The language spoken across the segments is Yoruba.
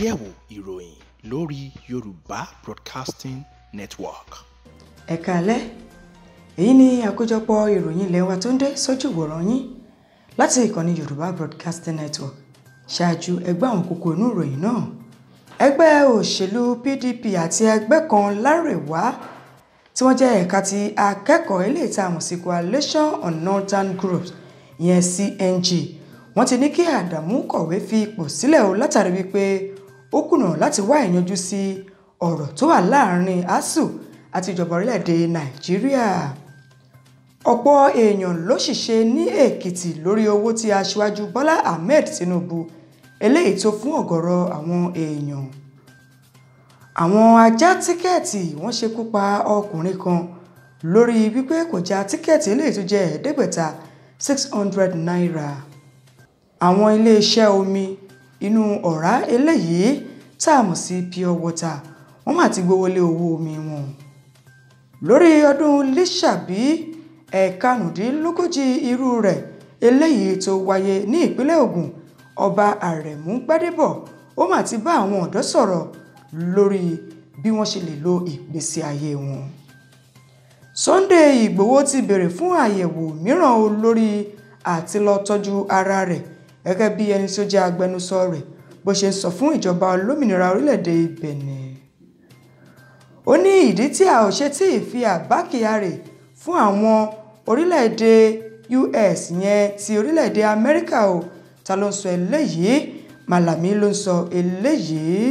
àgbéyẹ̀wò ìròyìn lórí Yorùbá Broadcasting Network. ẹ káalẹ́ èyí ni àkójọpọ̀ ìròyìn ilé wa tó ń dé sójú ìwòran yín láti ìkànnì Yorùbá Broadcasting Network ṣáájú ẹgbẹ́ àwọn kókó inú ìròyìn náà ẹgbẹ́ òṣèlú PDP àti ẹgbẹ́ kan lárèwá tí wọ́n jẹ́ ẹ̀ka ti akẹ́kọ̀ọ́ ilé ìtààmú sí coalition on northern groups ìyẹn CNG wọ́n ti ní kí Àdàmú kọ̀wé fi ipò sílẹ̀ o látàrí wípé ó kùnà láti wá ìyanjú sí ọ̀rọ̀ tó wà láàrin asuu àti ìjọba orílẹ̀-èdè nàìjíríà ọ̀pọ̀ èèyàn ló ṣìṣe ní èkìtì lórí owó tí aṣíwájú bọ́lá ahmed tinubu eléyìí tó fún ọ̀gọ̀rọ̀ àwọn èèyàn àwọn ajá tíkẹ́ẹ̀tì wọ́n ṣekú pa ọkùnrin kan lórí wípé kò já tíkẹ́ẹ̀tì eléyìí tó jẹ́ ẹ̀ẹ́dẹ́gbẹ̀ta six hundred naira àwọn iléeṣẹ́ omi inú ọ̀rá eléyìí tá a mọ̀ sí pure water wọ́n mà ti gbówó lé owó omi wọn. lórí ọdún lísàbí ẹ̀ẹ̀kanùndínlógójì irú rẹ̀ eléyìí tó wáyé ní ìpínlẹ̀ Ògùn ọba Àrẹ̀mú Gbádébọ̀ ó mà ti bá àwọn ọ̀dọ́ sọ̀rọ̀ lórí bí wọ́n ṣe lè lo ìgbésí ayé wọn. Sunday Ìgbòho ti bèrè fún àyẹ̀wò mìíràn o lórí àti lọ tọ́jú ara rẹ̀ gẹ́gẹ́ bí ẹni tó jẹ́ agbẹnusọ rẹ̀ bó ṣe sọ fún ìjọba olómìnira orílẹ̀-èdè Benin ó ní ìdí tí a ò ṣe tí ì fi àbá kyari fún àwọn orílẹ̀-èdè US yẹn ti orílẹ̀-èdè Amẹ́ríkà o ta ló ń sọ eléyìí Malami ló ń sọ eléyìí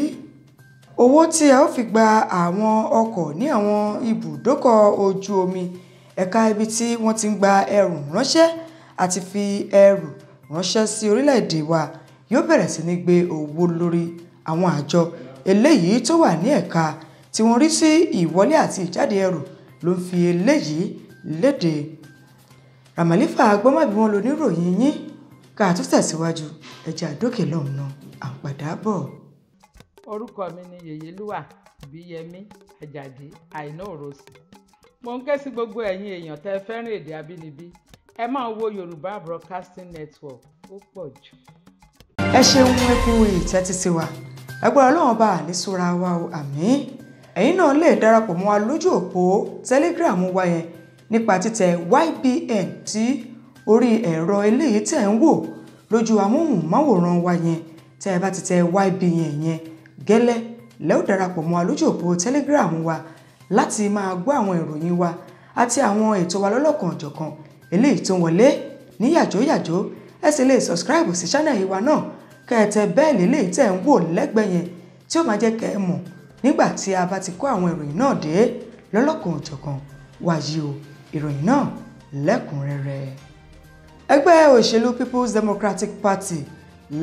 owó tí a ó fi gba àwọn ọkọ̀ ní àwọn ibùdókọ̀ ojú omi ẹ̀ka ibi tí wọ́n ti ń gba ẹrù ránṣẹ́ àti fi ẹrù ránṣẹ́ sí orílẹ̀-èdè wa yóò bẹ̀rẹ̀ sí ní gbé owó lórí àwọn àjọ eléyìí tó wà ní ẹ̀ka tí wọ́n rí sí ìwọlé àti ìjáde ẹrù ló ń fi eléyìí léde Ramalifa agbọ́mọ̀bí wọn lo níròyìn yín ká tó tẹ̀síwájú ẹ̀jẹ̀ àdókè lọ́hùn náà orúkọ mi ni yèyélúwà bíyẹmí àjàdí àìná òrosì mo ń ké sí gbogbo ẹ̀yin èèyàn tẹ́ fẹ́ràn èdè abínibí ẹ máa wo yorùbá broadcasting network ó pọ̀ jù ẹ ṣeun ẹ kú ìtẹ́tí sí wa ẹgbẹ́rún ọlọ́run bá àníṣúra wa o àmín ẹ̀yin náà lè darapọ̀ mọ́ wa lójú òpó telegram wa yẹn nípa títẹ YBN tí orí ẹ̀rọ eléyìí tẹ̀ ń wò lójú amóhùnmáwòrán wa yẹn tẹ́ ẹ bá ti tẹ YBN yẹn gẹ́lẹ́ lẹ́ọ̀ darapọ̀ mọ́ wa lójú òpó telegram wa láti máa gbọ́ àwọn ìròyìn wa àti àwọn ètò wa lọ́lọ́kan ọ̀jọ̀kan eléyìí tó wọlé ní ẹ sì lè subscribe sí channel yìí wa náà kẹ̀tẹ̀ bẹ́ẹ̀lì lè tẹ̀ ń wò lẹ́gbẹ̀ẹ́ yẹn tí ó máa jẹ́ kẹ́ ẹ mọ̀ nígbà tí a bá ti kó àwọn ìròyìn náà dé lọ́lọ́kan òjọ̀kan wàyí o ìròyìn náà lẹ́kùnrẹ́rẹ́. ẹgbẹ́ òṣèlú People's Democratic Party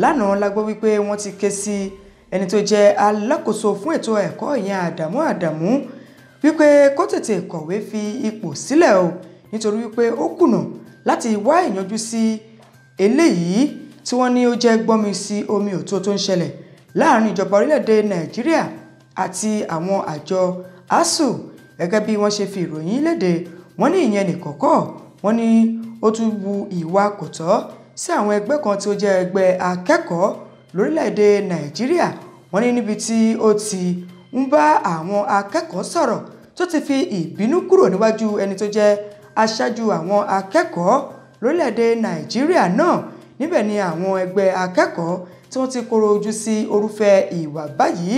lánàá la gbọ́ wípé wọ́n ti ké sí ẹni tó jẹ́ alákòóso fún ètò ẹ̀kọ́ ìyẹn Àdàmú Àdàmú wípé kó tètè kọ̀wé fi ipò sílẹ̀ o nítorí wípé ó kùnà láti wá ìyanjú sí eléyìí tí wọ́n ní ó jẹ́ gbọ́nmi sí omi òtó tó ń ṣẹlẹ̀ láàrin ìjọba orílẹ̀-èdè nàìjíríà àti àwọn àjọ asuu gẹ́gẹ́ bí wọ́n ṣe fi ìròyìn léde wọ́n ní ìyẹn nìkọ̀kọ́ wọ́n ní ó tún wu ìwà kòtọ́ sí àwọn ẹgbẹ́ kan tí ó jẹ́ ẹgbẹ́ akẹ́kọ̀ọ́ lórílẹ̀‐èdè nàìjíríà wọ́n ní níbi tí ó ti ń bá àwọn akẹ́kọ̀ọ́ sọ̀rọ̀ tó ti fi ìbínú kúrò níwájú ẹni tó jẹ́ aṣáájú àwọn akẹ́kọ̀ọ́ lórílẹ̀‐èdè nàìjíríà náà níbẹ̀ ni àwọn ẹgbẹ́ akẹ́kọ̀ọ́ tí wọ́n ti koro ojú sí orúfẹ́ ìwà báyìí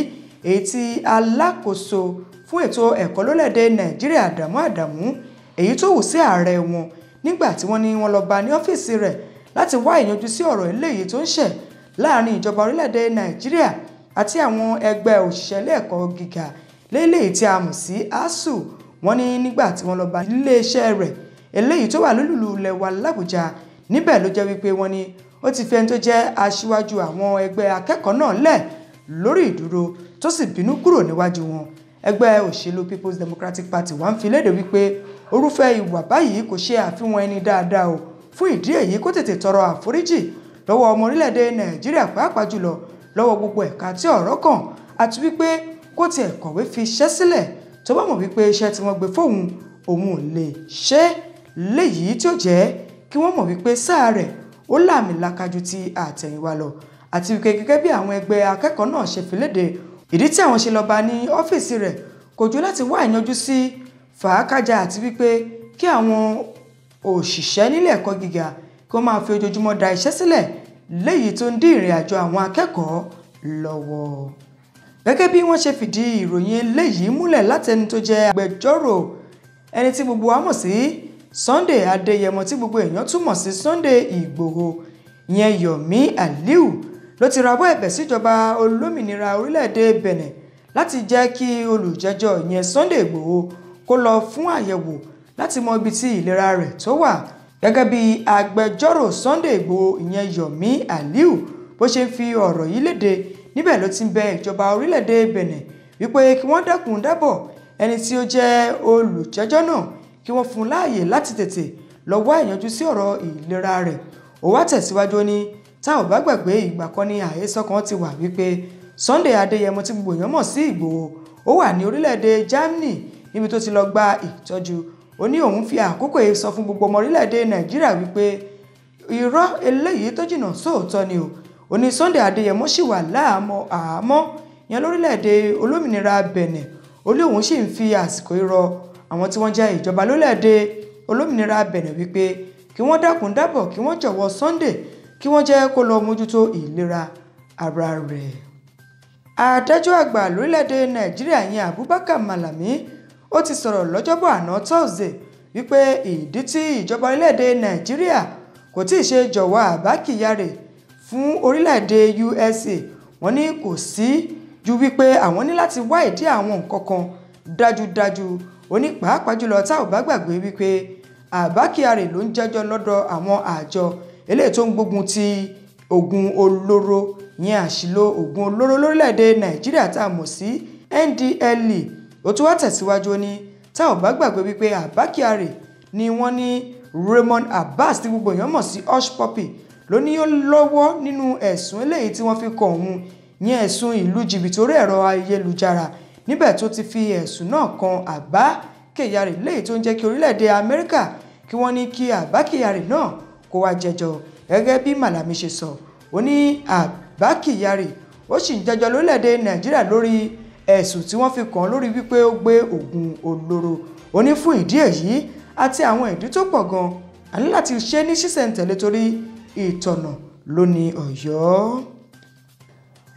èyí tí alákòóso fún ètò ẹ̀kọ́ lólẹ̀dẹ̀ nàìjíríà àdàmú àdàmú èyí tó wù sí ààrẹ wọn nígbà tí wọ́n ní wọ́n lọ bá ní ọ́fíìsì rẹ̀ láti wá ìyanjú sí ọ̀rọ̀ eléyìí tó ń ṣẹ̀ láàrin ìjọba orílẹ̀-èdè nàìjíríà àti àwọn ẹgbẹ́ òṣìṣẹ́ ilé ẹ̀kọ́ gíga léléyìí tí a mọ̀ sí asuu wọ́n ní nígbà tí wọ́n lọ bá iléeṣẹ́ rẹ̀ eléyìí tó wà lólùlù lẹ́wà làbújá níbẹ̀ ló jẹ́ wípé wọ́n ní ó ti fi ẹni tó jẹ́ aṣíwájú àwọn ẹgbẹ́ akẹ́kọ̀ọ́ náà lẹ̀ lórí ìdúró tó sì bínú kúrò níwájú wọn ẹgbẹ́ òṣèlú People's Democratic Party wá ń fi léde wípé orúfẹ́ ìwà báyìí kò ṣe àfihàn ẹni dáadáa o fún ìdí èyí kó tètè tọrọ àforíjì lọ́wọ́ ọmọ orílẹ̀-èdè Nàìjíríà pàápàá jùlọ lọ́wọ́ gbogbo ẹ̀ka tí ọ̀rọ̀ kàn àti wípé kó tiẹ̀ kọ̀wé fi iṣẹ́ sílẹ̀ tó bá mọ̀ wípé iṣẹ́ tí wọ́n gbé fóun òun ò lè ṣe léyìí tí ó jẹ́ kí wọ́n mọ̀ wípé sáà rẹ̀ ó lààmìlaka ju ti àtẹ̀yìnwá lọ àti wípé gẹ́gẹ́ bí àwọn ẹgbẹ́ akẹ́kọ̀ọ́ náà ṣe fìlédè ìdí tí àwọn ṣe lọ́ba ní ọ́fíìsì rẹ̀ kò ju láti wá ìyanjú sí fàákàjà àti wípé kí àwọn òṣìṣẹ́ nílé ẹ̀kọ́ gíga kí wọ́n máa fi ojoojúmọ́ da iṣẹ́ sílẹ̀ léyìí tó ń dín ìrìn àjò àwọn akẹ́kọ̀ọ́ lọ́wọ́ gẹ́gẹ́ bí wọ́n ṣe fìdí ìròyìn eléyìí múlẹ̀ látẹni tó jẹ́ agbẹjọ́rò ẹni tí gbogbo wa mọ̀ sí Sunday Adéyẹmọ tí gbogbo èèyàn túmọ̀ sí Sunday Ìgbòho yẹn Yomi Aliu ló ti rawọ́ ẹ̀bẹ̀ síjọba olómìnira orílẹ̀-èdè Benin láti jẹ́ kí olùjẹ́jọ́ yẹn Sunday Ìgbòho kó lọ fún àyẹ̀wò láti mọ ibi tí ìlera rẹ̀ tó wà gẹ́gẹ́ bí agbẹjọ́rò Sunday Ìgbòho ìyẹn Yomi Aliu bó ṣe ń fi ọ̀rọ̀ yìí léde níbẹ̀ ló ti ń bẹ ìjọba orílẹ̀-èdè Benin wípé kí wọ́n dẹ́kun dábọ̀ ẹni tí ó jẹ́ olùjẹ́jọ́ náà kí wọ́n fún un láàyè láti tètè lọ wá ìyanjú sí ọ̀rọ̀ ìlera rẹ̀ ó wá tẹ̀síwájú ní tá ò bá gbàgbé ìgbà kan ní àhesọ kan ti wà wípé Sunday Adéyẹmọ tí gbogbo èèyàn mọ̀ sí Ìgbòho ó wà ní orílẹ̀-èdè Germany níbi tó ti lọ gba ìtọ́jú ó ní òun fi àkókò yìí sọ fún gbogbo ọmọ orílẹ̀-èdè Nàìjíríà wípé irọ́ eléyìí tó jìnnà sóòótọ́ ni o ó ní Sunday Adéyẹmọ sì wà láàmọ́ àhámọ́ yẹn lórílẹ̀-èdè olómìnira Benin ó ní òun sì ń fi àsìkò irọ́ àwọn tí wọ́n jẹ́ ìjọba lólẹ̀dẹ̀ olómìnira Benin wípé kí wọ́n dákun dábọ̀ kí wọ́n jọ̀wọ́ Sunday kí wọ́n jẹ́ kó lọ mójútó ìlera ara rẹ̀. adájọ́ àgbà lórílẹ̀‐èdè Nàìjíríà yẹn Abubakar Malami ó ti sọ̀rọ̀ lọ́jọ́bọ̀ àná Thursday wípé ìdí tí ìjọba orílẹ̀‐èdè Nàìjíríà kò tí ì ṣe jọ̀wọ́ Àbá Kyari fún orílẹ̀‐èdè USA wọ́n ní kò sí ju wípé àwọn ní láti wá ìdí àwọn nǹkan kan dájúdájú ó ní pàápàá jùlọ tá ò bá gbàgbé wípé Àbá Kyari ló ń jẹ́jọ́ lọ́dọ̀ àwọn àjọ eléyìí tó ń gbógun ti oògùn olóró ìyẹn àṣìlò oògùn olóró lórílẹ̀‐èdè Nàìjíríà tá a mọ̀ sí NDLEA ó tún wá tẹ̀síwájú ní tá ò bá gbàgbé wípé Àbá ni wọ́n ní Raymond Abbas ti gbogbo èèyàn mọ̀ sí Hush Puppy ló ní ó lọ́wọ́ nínú ẹ̀sùn eléyìí tí wọ́n fi kàn òun ìyẹn ẹ̀sùn ìlú jìbìtì orí ẹ̀rọ ayélujára níbẹ̀ tó ti fi ẹ̀sùn náà kan Abba Kyari léyìí tó ń jẹ́ kí orílẹ̀-èdè Amẹ́ríkà kí wọ́n ní kí Abba Kyari náà kó wá jẹjọ́ gẹ́gẹ́ bí Malami ṣe sọ ó ní Abba Kyari ó sì ń jẹjọ́ lórílẹ̀-èdè Nàìjíríà lórí ẹ̀sùn tí wọ́n fi kàn lórí wípé ó gbé oògùn olóró ó ní fún ìdí èyí àti àwọn ìdí tó pọ̀ gan-an a láti ṣe ní ṣísẹ̀ntẹ̀lé torí ìtọ̀nà ló Ọ̀yọ́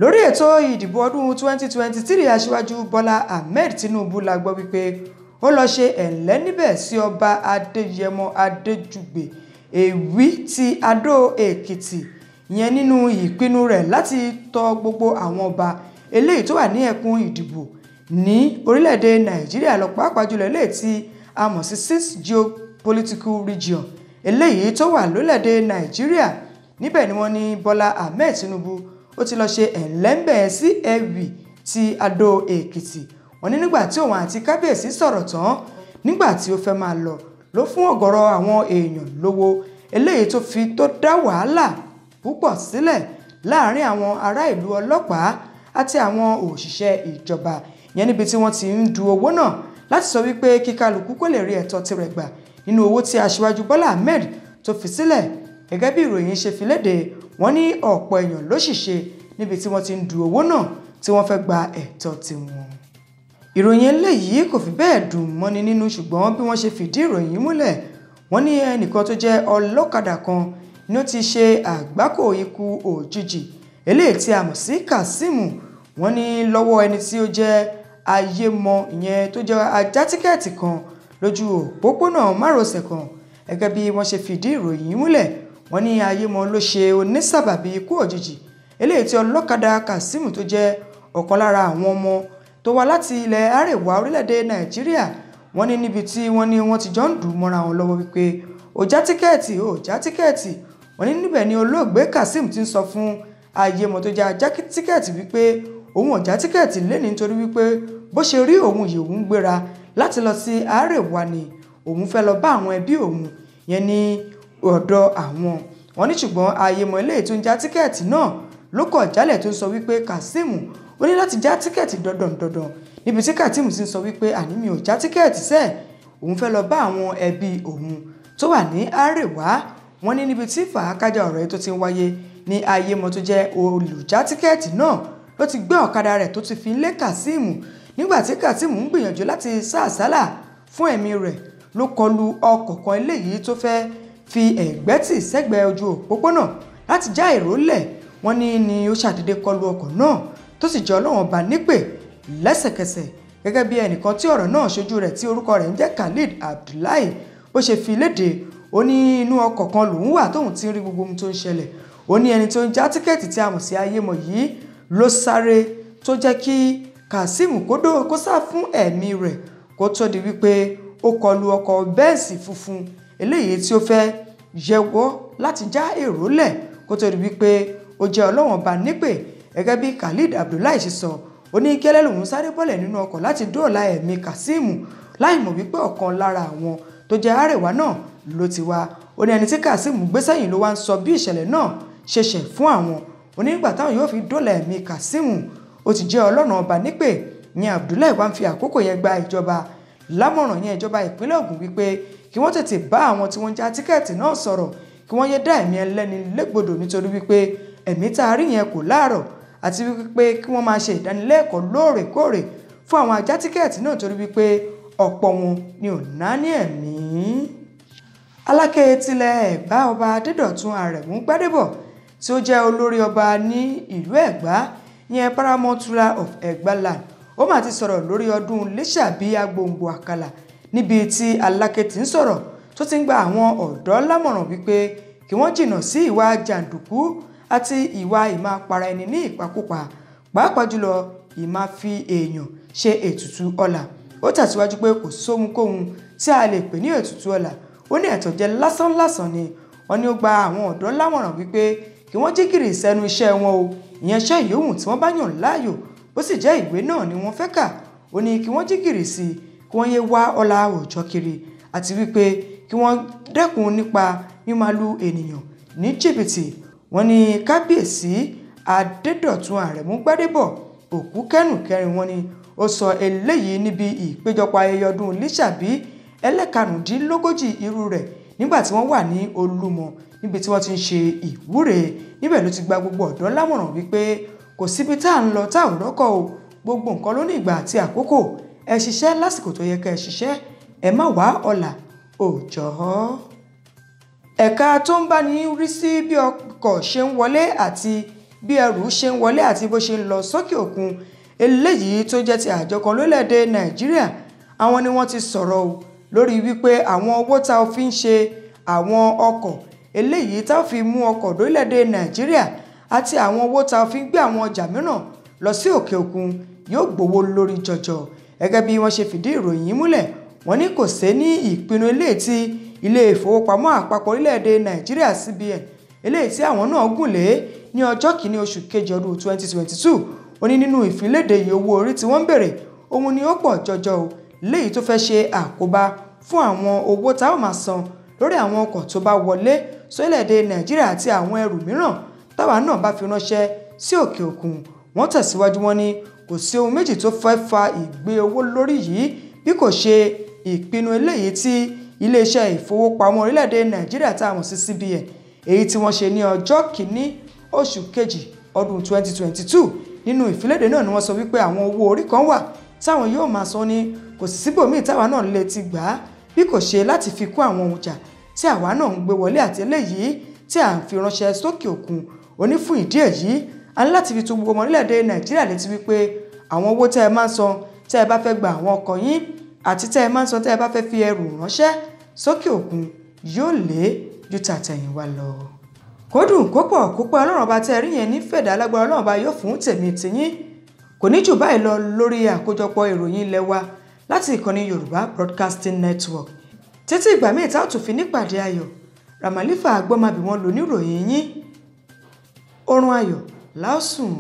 lórí ètò ìdìbò ọdún 2023 aṣíwájú bọ́lá ahmed tinubu la gbọ́ wípé ó lọ ṣe ẹ̀ńlẹ́ níbẹ̀ sí ọba adéyẹmọ adéjùgbè èwí ti adó èkìtì yẹn nínú ìpinnu rẹ̀ láti tọ gbogbo àwọn ọba eléyìí tó wà ní ẹkùn ìdìbò ní orílẹ̀-èdè nàìjíríà lọ pàápàá jùlọ eléyìí tí a mọ̀ sí six geopolitical region eléyìí tó wà lórílẹ̀-èdè nàìjíríà níbẹ̀ ni wọ́n ní bọ́lá ahmed tinubu ó ti lọ ṣe ẹ̀ńlẹ́ńbẹ̀ sí ewì ti Adó Èkìtì wọ́n ní nígbà tí òun àti kábíyèsí sọ̀rọ̀ tán nígbà tí ó fẹ́ máa lọ ló fún ọ̀gọ̀rọ̀ àwọn èèyàn lówó eléyìí tó fi tó dá wàhálà púpọ̀ sílẹ̀ láàárín àwọn ará ìlú ọlọ́pàá àti àwọn òṣìṣẹ́ ìjọba ìyẹn níbi tí wọ́n ti ń du owó náà láti sọ wípé kí kálukú kó lè rí ẹ̀tọ́ tirẹ̀ gbà nínú owó tí aṣíwájú Bọ́lá Ahmed tó fi sílẹ̀ gẹ́gẹ́ bí ìròyìn ṣe fi léde wọ́n ní ọ̀pọ̀ èèyàn ló ṣìṣe níbi tí wọ́n ti ń du owó náà tí wọ́n fẹ́ gba ẹ̀tọ́ tiwọn. ìròyìn eléyìí kò fi bẹ́ẹ̀ dùn mọ́ni nínú ṣùgbọ́n bí wọ́n ṣe fìdí ìròyìn múlẹ̀ wọ́n ní ẹnìkan tó jẹ́ ọlọ́kadà kan ni ó ti ṣe àgbákò ikú òjijì eléyìí tí a mọ̀ sí Kazeem wọ́n ní lọ́wọ́ ẹni tí ó jẹ́ ayémọ ìyẹn tó jẹ́ ajá tíkẹ́ẹ̀tì kan lójú òpópónà márosẹ̀ kan gẹ́gẹ́ bí wọ́n ṣe fìdí ìròyìn múlẹ̀ wọ́n ní ayé mọ́ ló ṣe onísàbàbí ikú òjijì eléyìí tí ọlọ́kadà Kazeem tó jẹ́ ọ̀kan lára àwọn ọmọ tó wá láti ilẹ̀ àríwá orílẹ̀-èdè Nàìjíríà wọ́n ní níbi tí wọ́n ní wọ́n ti jọ ń dùn mọ́ra wọn lọ́wọ́ wípé ó já tíkẹ́ẹ̀tì ó já tíkẹ́ẹ̀tì wọ́n ní níbẹ̀ ni olóògbé Kazeem ti ń sọ fún ayé mọ́ tó já já tíkẹ́ẹ̀tì wípé òun ò já tíkẹ́ẹ̀tì léni nítorí wípé bó ṣe rí òun yìí òun gbéra láti lọ sí àárẹ̀wá ni òun fẹ́ lọ bá àwọn ẹbí òun yẹn ní ọ̀dọ̀ àwọn wọ́n ní ṣùgbọ́n ààyèmọ̀ eléyìí tó ń já tíkẹ́ẹ̀tì náà ló kọ̀ jálẹ̀ tó ń sọ wípé kazeem ó ní láti já tíkẹ́ẹ̀tì dandan dandan níbi tí kazeem ti ń sọ wípé àní mi ò já tíkẹ́ẹ̀tì sẹ́ẹ̀ òun fẹ́ lọ bá àwọn ẹbí òun tó wà ní àrèwá wọ́n ní níbi tí fàákájà ọ̀rọ̀ yìí tó ti ń wáyé ní ààyèmọ̀ tó jẹ́ olùjá tíkẹ́ẹ̀tì náà ló ti gbé ọ̀kadà rẹ̀ tó ti fi lé kazeem nígbà tí kazeem ń gbìyànjú láti sá àsálà fún ẹ̀mí rẹ̀ ló kọlu ọkọ̀ kan eléyìí tó fẹ́ fi ẹ̀gbẹ́ tì sẹ́gbẹ̀ẹ́ ojú òpópónà láti já èrò lẹ̀ wọ́n ní ni ó ṣàdédé kọlu ọkọ̀ náà tó sì jẹ́ ọlọ́wọ́n bá nípè lẹ́sẹ̀kẹsẹ̀ gẹ́gẹ́ bí ẹnìkan tí ọ̀rọ̀ náà ṣojú rẹ̀ tí orúkọ rẹ̀ ń jẹ́ Khalid Abdullahi bó ṣe fi léde ó ní inú ọkọ̀ kan lòún wà tóun ti ń rí gbogbo ohun tó ń ṣẹlẹ̀ ó ní ẹni tó ń já tíkẹ́ẹ̀tì tí a mọ̀ sí ayémọ̀ yìí ló sáré tó jẹ́ kí Kazeem kódó kó sá fún ẹ̀mí rẹ̀ kó tó di wípé ó kọlu ọkọ̀ bẹ́ẹ̀sì funfun eléyìí tí ó fẹ́ yẹwọ́ láti já èrò lẹ̀ kó tó di wípé ó jẹ́ ọlọ́wọ̀n bá nípè gẹ́gẹ́ bí Khalid Abdullahi ṣe sọ ó ní gẹ́lẹ́ lòun sáré bọ́lẹ̀ nínú ọkọ̀ láti dóòlà ẹ̀mí Kazeem láì mọ̀ wípé ọ̀kan lára àwọn tó jẹ́ àrèwá náà ló ti wá ó ní ẹni tí Kazeem gbé sẹ́yìn ló wá ń sọ bí ìṣẹ̀lẹ̀ náà ṣe ṣẹ̀ fún àwọn onígbà táwọn yóò fi dóòlà ẹ̀mí Kazeem ó ti jẹ́ ọlọ́run ọba nípè ní Abdullahi wá ń fi àkókò yẹn gba ìjọba lámọ̀ràn yẹn ìjọba ìpínlẹ̀ Ògùn wípé kí wọ́n tètè bá àwọn tí wọ́n ń já tíkẹ́ẹ̀tì náà sọ̀rọ̀ kí wọ́n yé dá ẹ̀mí ẹlẹ́ni légbodò nítorí wípé ẹ̀mí tá a rí yẹn kò láàrọ̀ àti wípé kí wọ́n máa ṣe ìdánilẹ́kọ̀ọ́ lóòrèkóòrè fún àwọn ajá tíkẹ́ẹ̀tì náà torí wípé ọ̀pọ̀ wọn ni ò náání ẹ̀mí. aláké tilẹ̀ ẹ̀gbá ọba adédọ̀tun àrẹ̀mú gbádébọ̀ tí ó jẹ́ olórí ọba ní ìlú ẹ̀gbá yẹn paramount ruler of ẹ̀gbáland ó mà ti sọ̀rọ̀ lórí ọdún lẹ́ṣàbí agbòǹgbò àkàlà níbi tí Aláké ti ń sọ̀rọ̀ tó ti ń gba àwọn ọ̀dọ́ lámọ̀ràn wípé kí wọ́n jìnnà sí ìwà jàǹdùkú àti ìwà ìmápara ẹni ní ìpakúpa pàápàá jùlọ ìmá fi èèyàn ṣe ètùtù ọlà ó tẹ̀síwájú pé kò sóhunkóhun tí a lè pè ní ètùtù ọlà ó ní ẹ̀tọ́jẹ́ lásánlásán ni wọ́n ní ó gba àwọn ọ̀dọ́ lámọ̀ràn wípé kí wọ́n jí gìrì sẹ́nu iṣẹ́ wọn o ìyẹn iṣẹ́ tí wọ́n bá yàn láàyò bó sì jẹ́ ìwé náà ni wọ́n fẹ́ kà ó ní kí wọ́n jí gìrì sí i kí wọ́n yé wá ọlá àwùjọ kiri àti wípé kí wọ́n dẹ́kun nípa mímálu ènìyàn ní jìbìtì wọ́n ní kábíyèsí adédọ̀tun àrẹ̀mú gbádébọ̀ òkú kẹ́nù kẹrin wọ́n ní ó sọ eléyìí níbi ìpéjọpọ̀ ayẹyẹ ọdún lísàbí ẹlẹ́karùndínlógójì irú rẹ̀ nígbà tí wọ́n wà ní olúmọ níbi tí wọ́n ti ń ṣe ìwúre níbẹ̀ ló ti gba gbogbo ọ̀dọ́ lámọ̀ràn wípé kò síbi tá à ń lọ tá à ń rọ́kọ̀ o gbogbo nǹkan ló ní ìgbà àti àkókò ẹ ṣiṣẹ́ lásìkò tó yẹ ká ẹ ṣiṣẹ́ ẹ má wá ọ̀là òòjọ́. ẹ̀ka tó ń báni rí sí bí ọkọ̀ ṣe ń wọlé àti bí ẹrù ṣe ń wọlé àti bó ṣe ń lọ sókè òkun eléyìí tó jẹ́ ti àjọ kan lólẹ̀dẹ̀ nàìjíríà àwọn ni wọ́n ti sọ̀rọ̀ o lórí wípé àwọn owó tá a fi ń ṣe àwọn ọkọ̀ eléyìí tá a fi mú ọkọ̀ lólẹ̀dẹ̀ nàìjíríà àti àwọn owó tá a fi ń gbé àwọn ọjà mìíràn lọ sí òkè òkun yóò gbowó lórí jọjọ gẹ́gẹ́ bí wọ́n ṣe fìdí ìròyìn yìí múlẹ̀ wọ́n ní kò sé ní ìpinnu eléyìí tí ilé ìfowópamọ́ àpapọ̀ orílẹ̀-èdè nàìjíríà cbn eléyìí tí àwọn náà gùn lé ní ọjọ́ kìíní oṣù kejì ọdún 2022 ó ní nínú ìfiléde iye owó orí tí wọ́n ń bèrè òun ni ó pọ̀ jọjọ o léyìí tó fẹ́ ṣe àkóbá fún àwọn owó tá a máa san lórí àwọn ọkọ̀ tó bá wọlé sórílẹ̀-èdè nàìjíríà àti àwọn ẹrù mìíràn táwa náà bá fi ránṣẹ́ sí òkè òkun wọ́n tẹ̀síwájú wọn ní kò sí ohun méjì tó fẹ́ fa ìgbé owó lórí yìí bí kò ṣe ìpinnu eléyìí tí iléeṣẹ́ ìfowópamọ́ orílẹ̀-èdè nàìjíríà tá a mọ̀ sí CBN èyí tí wọ́n ṣe ní ọjọ́ kìíní oṣù kejì ọdún 2022 nínú ìfiléde náà ni wọ́n sọ wípé àwọn owó orí kan wà táwọn yóò máa san ní kò sí síbòmíì táwa náà lè ti gbà á bí kò ṣe láti fi kún àwọn ọjà tí àwa náà ń gbé wọlé àti eléyìí tí à ń fi ránṣẹ́ sókè òkun onífún ìdí èyí a ní láti fi tó gbogbo ọmọ orílẹ̀-èdè nàìjíríà létí wípé àwọn owó tẹ́ ẹ máa ń san tẹ́ ẹ bá fẹ́ gba àwọn ọkọ̀ yín àti tẹ́ ẹ máa ń san tẹ́ ẹ bá fẹ́ fi ẹrù ránṣẹ́ sókè òkun yóò lé ju tàtẹ̀yìnwá lọ. kódùn kópọ̀ kópa ọlọ́run ọba tẹ́ ẹ rí yẹn ní fẹ̀dá lágbára ọlọ́run ọba yóò fún tèmi tìyín kò ní jù báyìí lọ lórí àkójọpọ̀ ìròyìn ilé wa láti ìkànnì yorùbá broadcasting network títí ìgbà míì tá ò tún fi nípàdé ayọ̀ ramalifa agbọ́mọbí lò níròyìn yín orun ayọ̀ lásùn